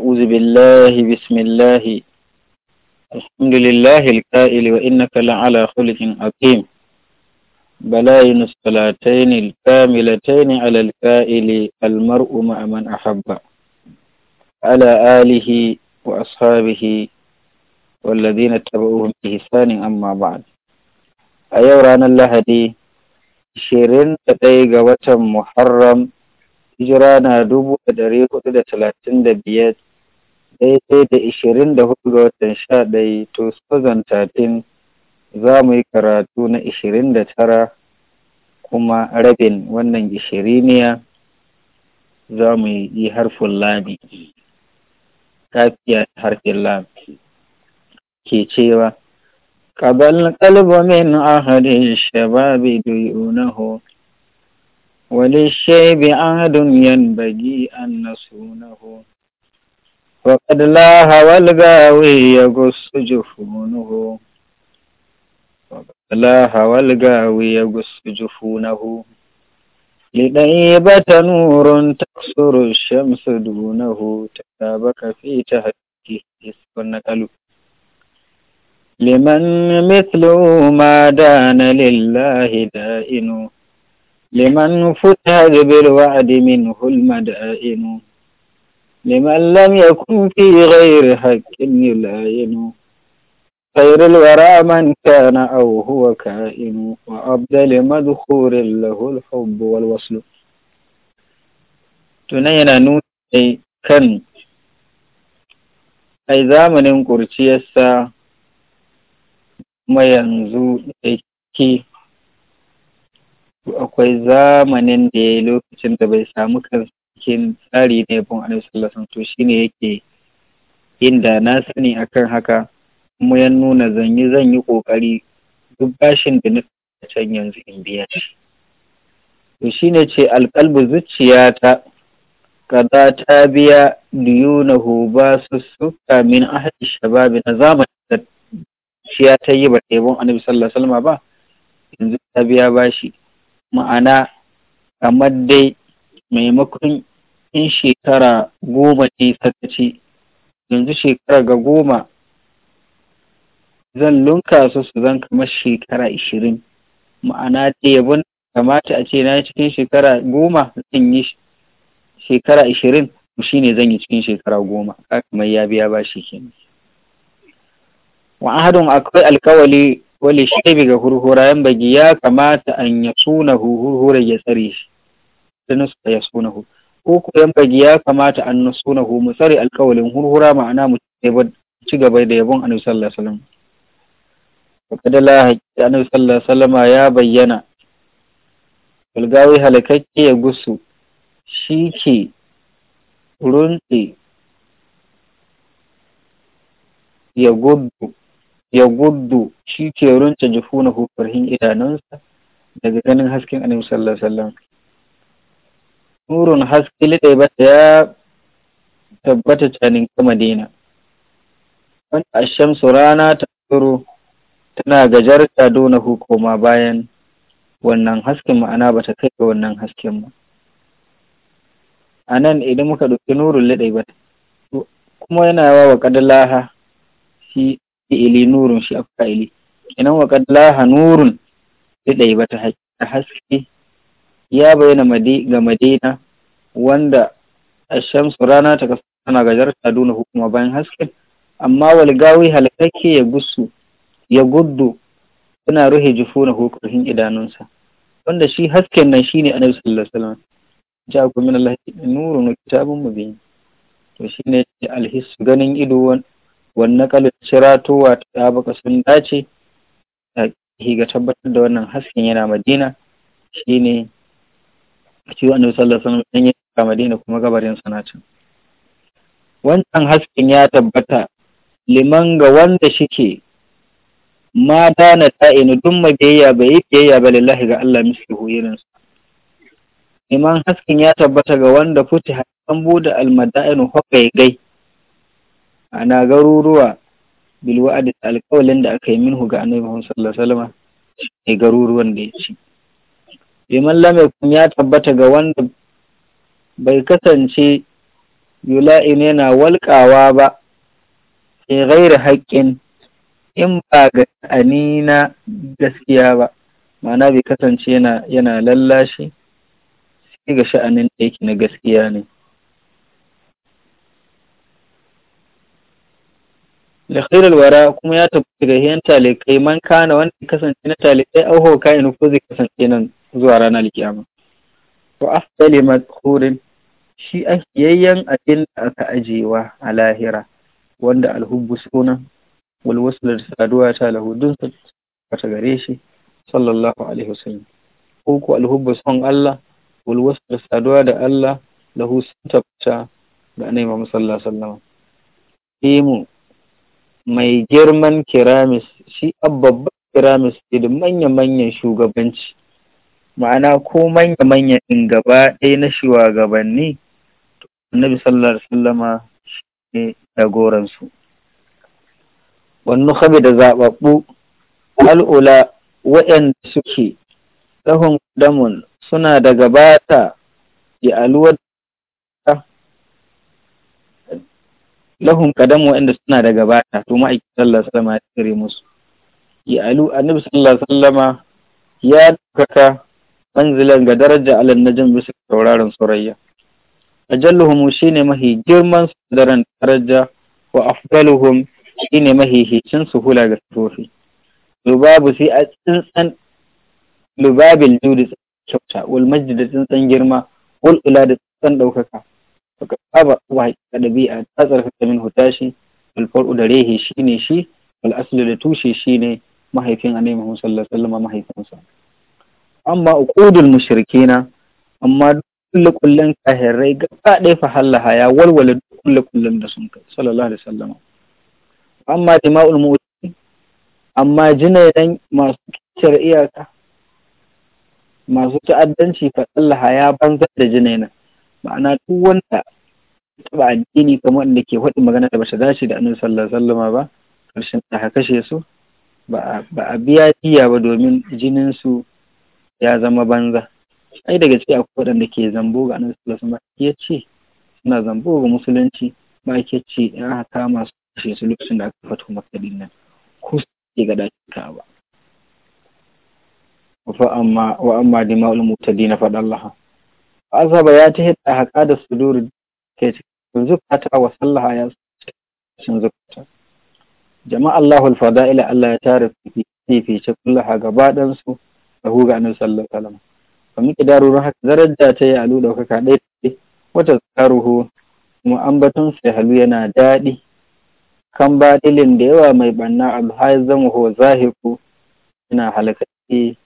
أعوذ بالله بسم الله الحمد لله الكائل وإنك لعلى خلق عظيم بلاين الصلاتين الكاملتين على الكائل المرء مع من أحب على آله وأصحابه والذين اتبعوهم بإحسان أما بعد a yau ranar lahadi shirin da ɗaya ga watan muharram hijira na dubu da dari hudu da talatin da biyar daidai da ishirin da hudu ga watan sha ɗai 2013 za mu yi karatu na ishirin da tara kuma rabin wannan ishiriniya za mu yi harfin lami kafiya harfin lami ke cewa قبل shabab'i من أهل Wani ديونه وللشيب عهد ينبغي أن نصونه وقد لاها والغاوي يقص جفونه وقد لاها والغاوي يقص جفونه لنيبة نور تقصر الشمس دونه تتابك في تهكيه النقل لمن مثل ما دان لله دائن لمن فتح بالوعد منه المدائن لمن لم يكن في غير حق يلاين خير الورى من كان أو هو كائن وأبدل مدخور له الحب والوصل تنين نوتي كان أي زامن قرشي السا ما ينزو ke akwai زامن ديلو كنت yi lokacin cikin tsari na yabon annabi sallallahu alaihi wasallam to yake inda na sani akan haka kuma ya nuna zan yi zan kokari duk bashin da na can yanzu in biya shi to ne ce alƙalbu zuciya ta kaza ta biya diyunahu ba su suka min ahadi shababi na zamani da ya ta yi ba yabon annabi sallallahu alaihi ba yanzu ta biya bashi ma'ana kamar dai maimakon in shekara goma ne sakaci yanzu shekara ga goma zan lunka su su zan kamar shekara ishirin ma'ana yabon kamata a ce na cikin shekara goma zan yi shekara ishirin shi ne zan yi cikin shekara goma kamar ya biya ba shi ke wa akwai alkawali wale ne ga yan bagi ya kamata an ya suna hurhura ya tsare shi ya suna hurhura ko yanbaghi ya kamata an nasunahu mu tsare alƙawalin hurhura ma'ana mu ci gaba da yabon annabi sallallahu alaihi wasallam fakadala haƙiƙa annabi sallallahu alaihi wasallam ya bayyana bulgawi halakakke ya gusu shi ke runtse ya gudu ya gudu shi ke runce jufuna farhin idanunsa daga ganin hasken annabi sallallahu alaihi wasallam Nurun haske ba bata ya tabbata canin kama dina. Wanda a shamsu rana ta tsoro tana ta dona hukuma bayan wannan hasken ma'ana ba ta kai ga wannan hasken ba. A nan idan muka ɗauki nurun liɗai bata kuma yana wa wa kadalaha shi ili nurun shi kuka ili. Kenan wa kadalaha nurun ba bata haske ya bayyana ga Madina wanda ashamsu rana ta kasa tana gajarta duna hukuma bayan hasken amma walgawi halakake ya gusu ya guddu suna ruhe na hukumin idanunsa wanda shi hasken nan shine Anabi sallallahu alaihi wasallam ja ku min Allah nuru na kitabun mubin to shine alhisu ganin ido wannan kalin shiratowa ta baka sun dace ga tabbatar da wannan hasken yana madina shine shi annabi sallallahu alaihi wasallam ya ga Madina kuma gabarin sana can wannan hasken ya tabbata liman ga wanda shike ma dana ta'inu dun mabiyayya bai yi biyayya ba lillahi ga Allah mislihu irinsa Liman haskin ya tabbata ga wanda futi hakan bude almada'inu hokai gai ana garuruwa bilwa'ad alƙawalin da aka yi minhu ga annabi Muhammad sallallahu alaihi wasallam ne garuruwan da ya ci liman lam ya tabbata ga wanda bai kasance yula'in yana walƙawa ba sai ghairi haƙƙin in ba ga anina gaskiya ba ma'ana bai kasance yana lallashi sai ga sha'anin da na gaskiya ne da khairul wara kuma ya tafi ga hiyan talikai man kana wanda kasance na talikai au ho kayan ko zai kasance nan zuwa ranar kiyama wa afdali madhurin shi a yayyan abin da aka ajewa a lahira wanda alhubbu suna wal da saduwa ta lahu dun ta gare shi sallallahu alaihi wasallam ko ku alhubbu sun Allah wal da saduwa da Allah lahu sun tabbata da annabi Muhammad sallallahu alaihi wasallam mai girman kiramis shi babban kiramis da manya-manyan shugabanci ma'ana ko manya-manyan in gaba ɗaya na shugabanni annabi sallallahu alaihi sallama shi ne jagoransu wannan habi da zaɓaɓɓu al'ula waɗanda suke lahun damun suna da gabata ya aluwar lahum Kadamu wa'anda suna da gabata to ma'aikin sallallahu alaihi wasallam ya kare musu ya alu annabi sallallahu alaihi wasallam ya dukaka manzilan ga daraja alal najm bisa tauraron surayya ajalluhum shine mahi girman sadaran daraja wa afdaluhum shine mahi hicin suhula ga tofi lubabu sai a tsintsan lubabil judis kyauta wal majdi da tsintsan girma wal ula da tsintsan daukaka baka saba wa hakika dabi'a ta tsarkaka min hutashi wal far'u da rehe shine shi wal aslu da tushe shine mahaifin annabi Muhammad sallallahu alaihi wasallam mahaifinsa amma uqudul mushrikina amma kullu kullun kahirai gaba ɗaya fa hallaha ya walwala kullu kullun da sun kai sallallahu alaihi wasallam amma dima'ul mu'ti amma jinaidan masu kitar iyaka masu ta'addanci fa Allah ya banzar da jinainan ma'ana duk wanda taɓa addini kamar wanda ke faɗi magana da bata dace da annabi sallallahu alaihi wasallama ba ƙarshen aka kashe su ba a biya diya ba domin jinin su ya zama banza ai daga ciki akwai waɗanda ke zambo ga annabi sallallahu alaihi wasallama ya ce suna zambo ga musulunci ba ke ce in aka kama su kashe su lokacin da aka fato makadin nan ko su ke ga dace ka ba wa amma dima'ul dina faɗa Allah azaba ya ta hidda haƙa da sudur ke cikin zukata wa sallaha ya cikin zukata jama'a Allahul fada'ila Allah ya tara fifice kullaha gaba dan su da huga annabi sallallahu alaihi wasallam kamar kidarurun haka daraja ta yi alu kaka ɗaya ce wata tsaruhu kuma ambaton sai halu yana daɗi kan baɗilin da yawa mai banna alhaizan ho zahiku ina halakaci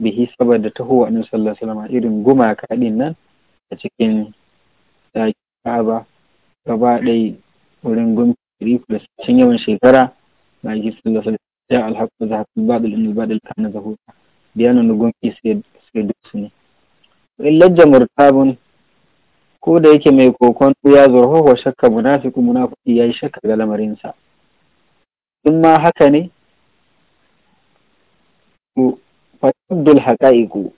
bihi saboda taho annabi sallallahu alaihi wasallam irin gumaka din nan a cikin Ka'aba gaba ɗaya wurin gumi da cikin yawan shekara na ji sallallahu alaihi wasallam ya alhaqqa za ba badal ba badal kana zahuta biyanan gumki sai sai dusu ne illar murtabun ko da yake mai kokon ya zurho wa shakka munafiku munafiki yayi shakka ga lamarinsa in ma haka ne fatabdul haqa'iqu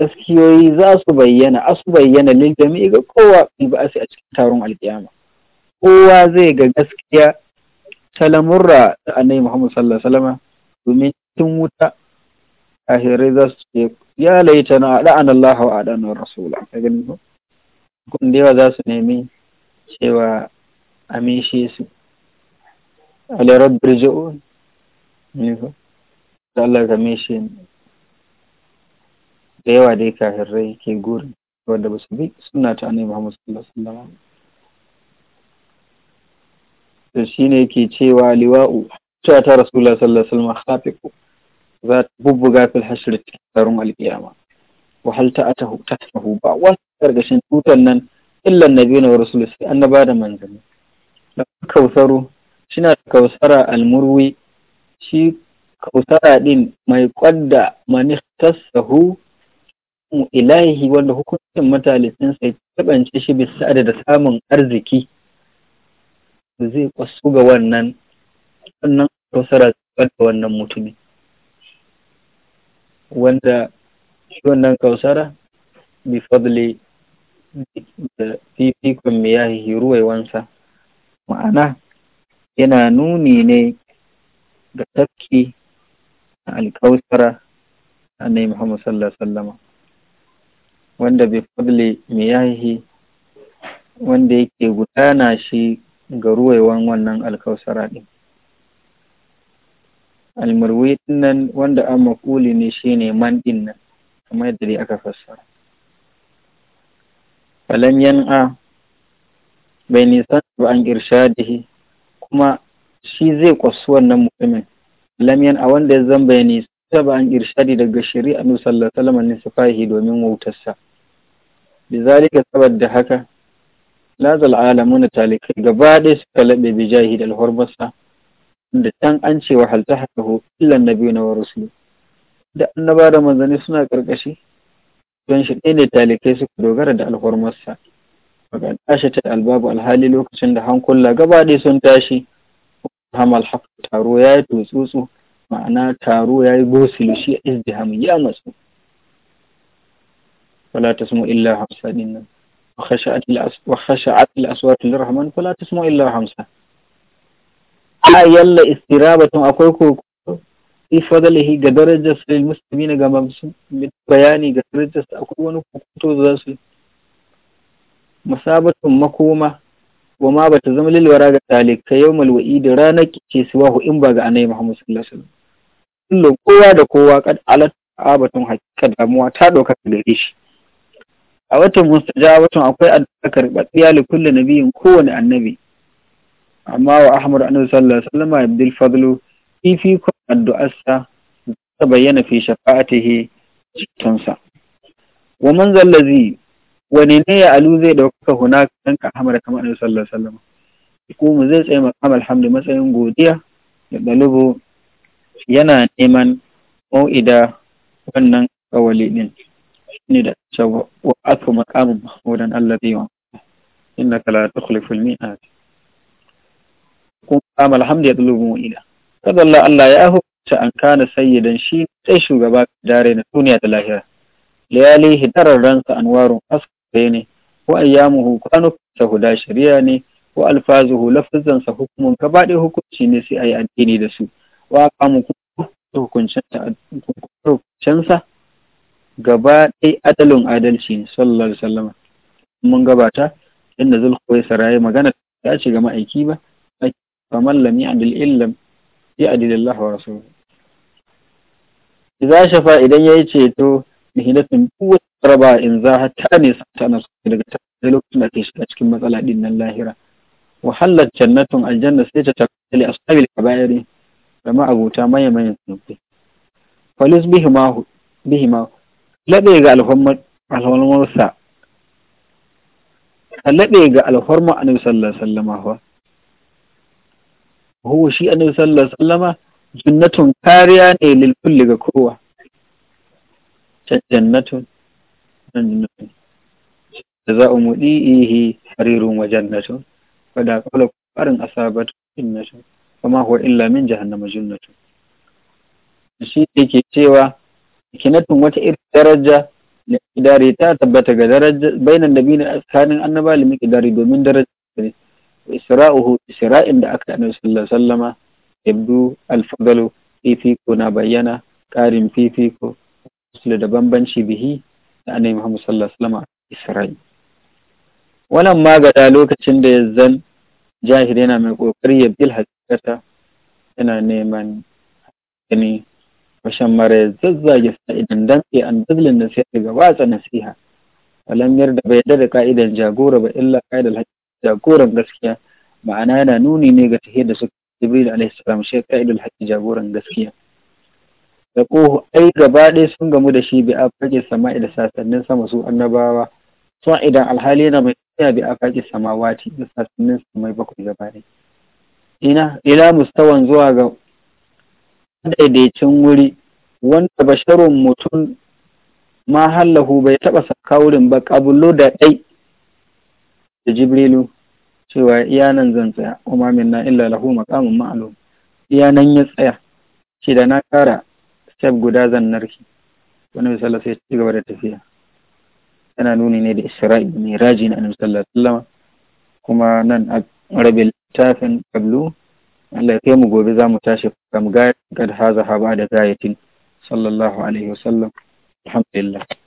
gaskiyoyi za su bayyana a su bayyana lil jami'i ga kowa ba a cikin taron alƙiyama kowa zai ga gaskiya salamurra da annabi Muhammad sallallahu alaihi wasallam domin tun wuta kafirai za su ce ya laita na da'an Allah wa da'an rasula ka gani ko kun da za su nemi cewa amishe su ala rabbil ne ko da Allah game shi da yawa dai kahirrai ke gurin wanda ba su bi suna ta annabi Muhammad sallallahu alaihi wasallam to shine yake cewa liwa'u cewa ta rasulullah sallallahu alaihi wasallam khafiqu za ta bubbuga fil hashr tarun alqiyama wa hal ta'atahu tahtahu ba wa gargashin tutan nan illa annabiyuna wa rasul sai annaba da manzanni da kausaru shina kausara almurwi shi kausara ɗin mai kwadda mu ilahi wanda hukuncin matalicinsa sai tabance shi bisa da samun arziki da zai kwasu ga wannan wannan kausara da wannan mutumin wanda shi wannan kausara bi fadli da fifikon miyahi ruwaiwansa ma'ana yana nuni ne ga tafki alkausara annai muhammad sallallahu wasallama wanda bai fadle miyahi wanda yake gudana shi ga ruwaiwan wannan alƙawusara ɗin almarwi nan wanda an makuli ne shine man ɗin nan kamar yadda dai aka fassara falan yan'a bai nisan ba an irshadihi kuma shi zai kwasu wannan mutumin lam a wanda ya zama ya nisa an irshadi daga shari'a nu sallallahu alaihi wasallam domin wautarsa bizalika saboda haka lazal alamuna talikai gaba ɗaya suka laɓe bi jahid alhurbarsa da can an ce wa halta hakahu illan nabi na wa da annaba da manzanni suna karkashi don shi ɗaya ne talikai suka dogara da alhurmarsa daga tashi ta albabu alhali lokacin da hankula gaba ɗaya sun tashi hamal haƙƙi taro ya yi tutsutsu ma'ana taro ya yi gosilu shi a izdihamin ya matsu fala tasmu illa hamsa din nan wa khasha'at al aswat lir rahman fala tasmu illa hamsa a yalla istirabatun akwai ko fi lahi ga darajar lil muslimina ga mamsu bayani ga darajar akwai wani kokoto za su masabatun makoma wa ma bata zama lilwara ga talika yawmal da ranar suwa siwahu in ba ga annabi Muhammad sallallahu alaihi wasallam kullum kowa da kowa kad alat abatun hakikat damuwa ta dauka gare shi a watan mustajabatun akwai addu'a karɓaɗɗiya li kulli nabiyin kowane annabi amma wa Ahmad annabi sallallahu alaihi wasallam abdul fadlu fifikon addu'arsa ta bayyana fi shafa'atihi cikinsa wa man zallazi Wani ne ya alu zai ɗaukaka hunaka kan ka hamar kamar annabi sallallahu alaihi wasallam mu zai tsaya maqam alhamdu matsayin godiya da dalibu yana neman mau'ida wannan kawali din ne da cewa wa aka maqamu mahmudan allazi wa innaka la tukhlifu almi'at ko kuma alhamdu ya dalibu mau'ida kada Allah Allah ya hukunta an kana sayyidan shi sai shugaba dare na duniya da lahira layali hidarar ransa anwarun asu ne wa ayyamuhu kwanukansa huda shari'a ne wa alfazuhu lafazansa hukumun gaba ɗaya hukunci ne sai a yi addini da su wa kamun hukuncensa gaba ɗaya adalin adalci sallallahu alaihi wasallam mun gabata inda zulkuwaisara ya magana ta ce ga ma'aiki ba faman lam ya'dil illam ya'dil Allah wa rasuluhu idza shafa idan yayi ceto mihinatun kuwat raba in za hatta ne sata na daga ta lokacin da ke shiga cikin matsala din nan lahira wahallar jannatun aljanna sai ta takwali ashabil kaba'iri da ma abota maye mayan sunfi falis bihimahu bihimahu labe ga alhormarsa ka labe ga alhormar annabi sallallahu alaihi wasallama huwa shi annabi sallallahu alaihi wasallama jannatun kariya ne lil kulli ga kowa jannatun جزاء مضيئه حرير وجنة فدا قول كفار أصابت جنة فما هو إلا من جهنم جنة shi ke cewa kinatun wata irin daraja da idare ta tabbata ga daraja bainan da biyu tsakanin annaba da miƙidari domin daraja ne isra'uhu isra'in da aka annabi sallallahu alaihi wasallama yabdu alfadalu fifiko na bayyana ƙarin fifiko da bambanci bihi na annabi Muhammad sallallahu alaihi wasallam Isra'i wannan magada lokacin da ya zan jahil yana mai kokari ya bil hakikata yana neman gani bashan mara ya zazzage sa idan dan an dazlin da sai daga watsa nasiha walam da bai da da ka'idan jagora ba illa ka'idal jagoran gaskiya ma'ana yana nuni ne ga tahiyar da suka Jibril alaihi salam shi ka'idan haqqi jagoran gaskiya da ƙoho, ai gaba ɗaya sun gamu da shi bi a fage sama da sasannin sama su annabawa sun idan alhali yana mai tsaya bi a fage wati da sasannin mai bakwai gaba ɗaya ina ila mustawan zuwa ga daidaicin wuri wanda basharun mutum ma hallahu bai taɓa saka wurin ba ƙabulo da ɗai da jibrilu cewa iya nan zan tsaya umamin na illa lahu maƙamun ma'alu iya nan ya tsaya ce da na ƙara. step guda zan narki wani misalla sai ci gaba da tafiya yana nuni ne da isra'i mai raji na annabi sallallahu alaihi wasallam kuma nan a rabi littafin kablu Allah ya kai mu gobe za mu tashi kam gayat kad haza haba da gayatin sallallahu alaihi wasallam alhamdulillah